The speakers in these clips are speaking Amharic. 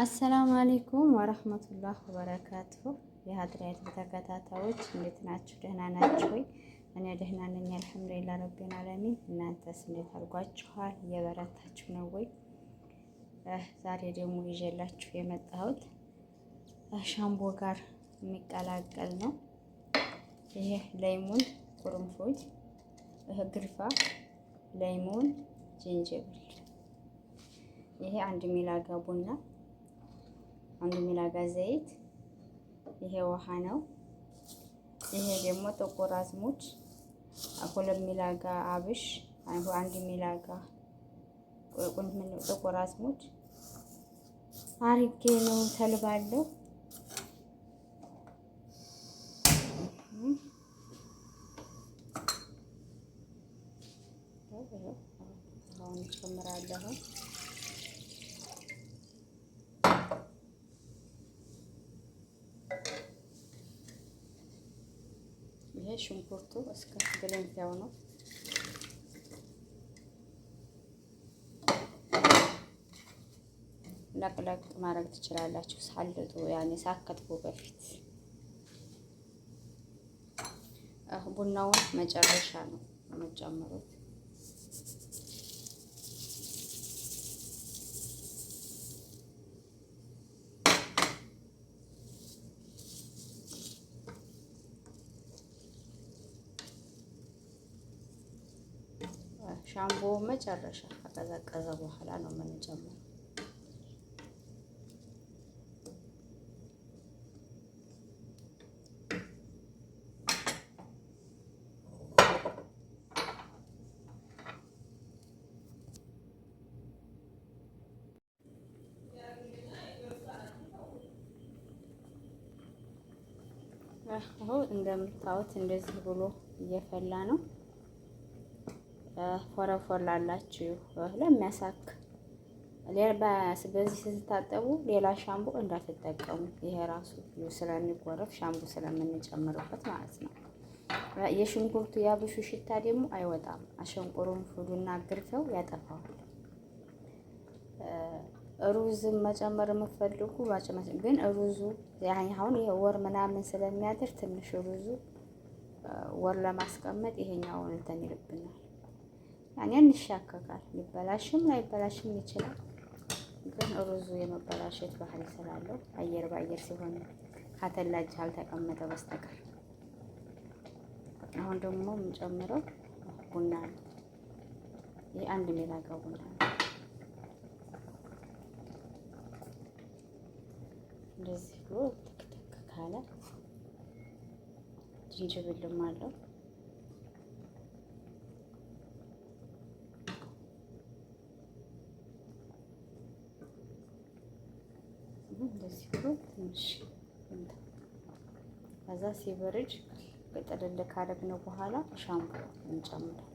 አሰላሙ አሌይኩም ወረህመቱላህ ወበረካቱ። የሀድራይት ተከታታዮች እንዴት ናችሁ? ደህና ናችሁ ወይ? እኔ ደህና ነኝ አልሐምዱሊላህ ረቢን አለሚን። እናንተስ እንዴት አድርጓችኋል? እየበረታችሁ ነው ወይ? ዛሬ ደግሞ ይዤላችሁ የመጣሁት ሻምቦ ጋር የሚቀላቀል ነው። ይሄ ለይሙን፣ ቁርንፉድ፣ ግርፋ፣ ለይሙን፣ ዝንጅብል ይሄ አንድ ሚላጋ ቡና አንድ ሚላጋ ዘይት፣ ይሄ ውሃ ነው። ይሄ ደግሞ ጥቁር አዝሙድ ሁለት ሚላጋ አብሽ፣ አንድ ሚላጋ ጥቁር አዝሙድ አርጌ ነው ተልባለሁ። አሁን ጨምራለሁ ይሄ ሽንኩርቱ እስከ ገለንቲያው ነው። ለቅለቅ ማድረግ ትችላላችሁ። ሳልጡ ያኔ ሳከትቡ በፊት ቡናውን መጨረሻ ነው የምጨምሩት። ሻምፖ መጨረሻ ከቀዘቀዘ በኋላ ነው የምንጨምረው። እንደምታዩት እንደዚህ ብሎ እየፈላ ነው። ፎረፎር ላላችሁ ለሚያሳክ በዚህ ስታጠቡ ሌላ ሻምቡ እንዳትጠቀሙ። ይሄ ራሱ ስለሚጎረፍ ሻምቡ ስለምንጨምርበት ማለት ነው። የሽንኩርቱ ያብሹ ሽታ ደግሞ አይወጣም። አሸንቁሩን ፍሉና ግርፈው ያጠፋዋል። ሩዝም መጨመር የምፈልጉ ግን ሩዙ አሁን ይሄ ወር ምናምን ስለሚያድር ትንሽ ሩዙ ወር ለማስቀመጥ ይሄኛውን እንትን ይልብናል። ያኔ እንሻከካል። ሊበላሽም ላይበላሽም ይችላል። ግን ሩዙ የመበላሸት ባህሪ ስላለው አየር በአየር ሲሆን ከተላጅ አልተቀመጠ በስተቀር አሁን ደግሞ የምጨምረው ቡና ነው። ይህ አንድ ሜላጋ ቡና ነው። እንደዚህ ብሎ ትክትክ ካለ ዝንጅብልም አለው እንደዚህ ብሎ ትንሽ ከዛ ሲበርጅ ቅጥልል ካደረግነው በኋላ ሻምፖ እንጨምራለን።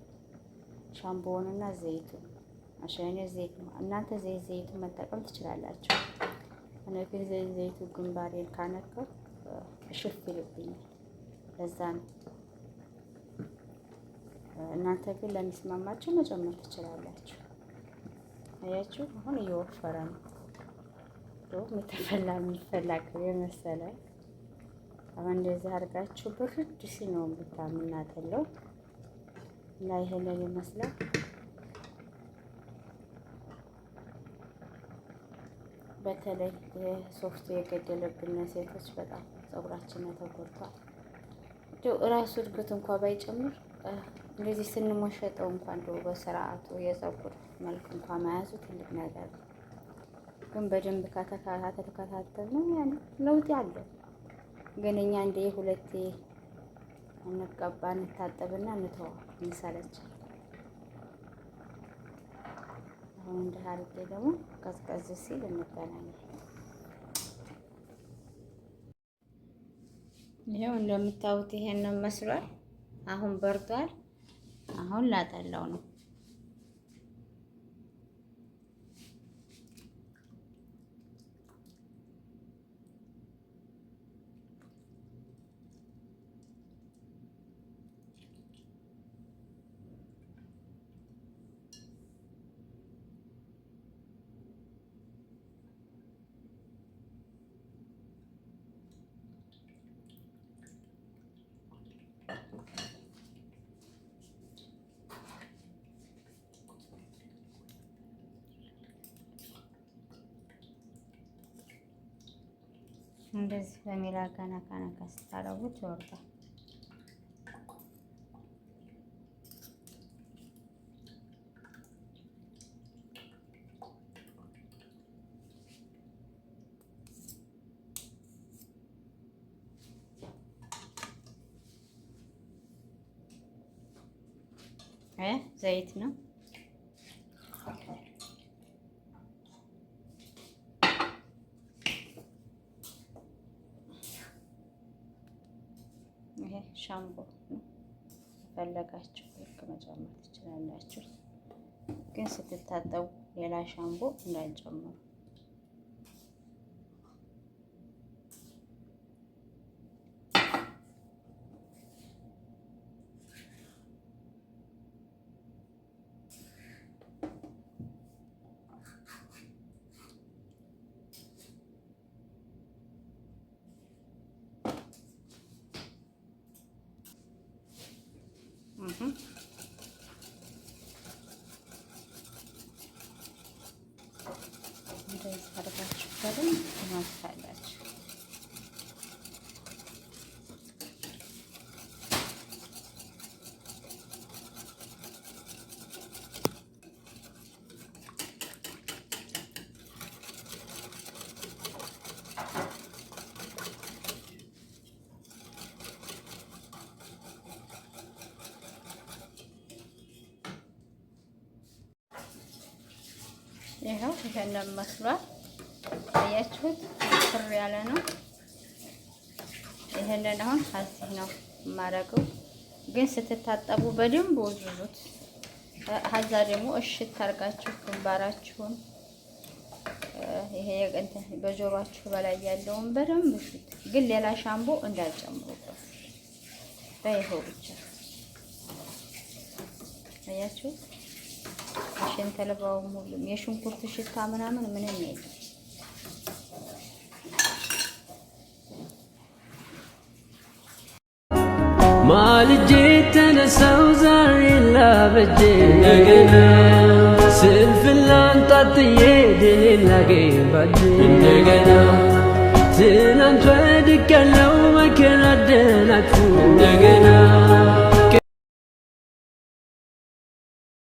ሻምቦውንና ዘይቱ አሻኔ ዘይት ነው። እናንተ ዘይት ዘይቱን መጠቀም ትችላላችሁ። እኔ ግን ዘይት ዘይቱ ግንባሬን ካነካው እሽፍ ይልብኛል። ለዛ ነው። እናንተ ግን ለሚስማማችሁ መጨመር ትችላላችሁ። አያችሁ፣ አሁን እየወፈረ ነው። ፍቅሩም የተፈላ የሚፈላ የመሰለ መሰለኝ። እንደዚህ አድርጋችሁ ብርድ ብታ ብታምናጠለው እና ይሄንን ይመስላል። በተለይ ሶፍቱ የገደለብን ሴቶች በጣም ፀጉራችን ተጎድቷል። እንደው እራሱ እድገት እንኳ ባይጨምር እንደዚህ ስንሞሸጠው እንኳ እንደው በስርዓቱ የፀጉር መልክ እንኳ መያዙ ትልቅ ነገር ነው። ግን በደንብ ከተከታተል ከተከታተል ነው ያለ ለውጥ ያለው። ግን እኛ እንደ ሁለቴ እንቀባ እንታጠብና እንተዋ እንሰለች። አሁን እንደ አድርጌ ደግሞ ቀዝቀዝ ሲል እንገናኛለን። ይሄው እንደምታዩት ይሄን ነው መስሏል። አሁን በርቷል። አሁን ላጠላው ነው እንደዚህ በሜላጋ ነካ ነካ ስታረጉት ይወርዳል። ዘይት ነው። ሻምቦ ነው። ፈለጋችሁ ልክ መጨመር ትችላላችሁ፣ ግን ስትታጠቡ ሌላ ሻምቦ እንዳንጨምሩ Mm-hmm. ይኸው ይሄንን መስሏል። አያችሁት? ፍር ያለ ነው። ይሄንን አሁን ሀዚህ ነው የማደርገው፣ ግን ስትታጠቡ በደንብ ወዙዙት። ከዛ ደግሞ እሽት አድርጋችሁ ግንባራችሁን ይሄ እንትን በጆሯችሁ በላይ ያለውን በደንብ እሹት፣ ግን ሌላ ሻምቦ እንዳልጨምሩበት በይኸው ብቻ አያችሁት? ሽንተልባውም ሁሉም የሽንኩርት ሽታ ምናምን ምንም የለም። ማልጄ ተነሳው ዛሬ ላበጀ እንደገና ስንፍላን ጣጥዬ ድሌን ላገኝ ባጄ እንደገና ትናንት ወድቄያለሁ መከራ ደናቅፉ እንደገና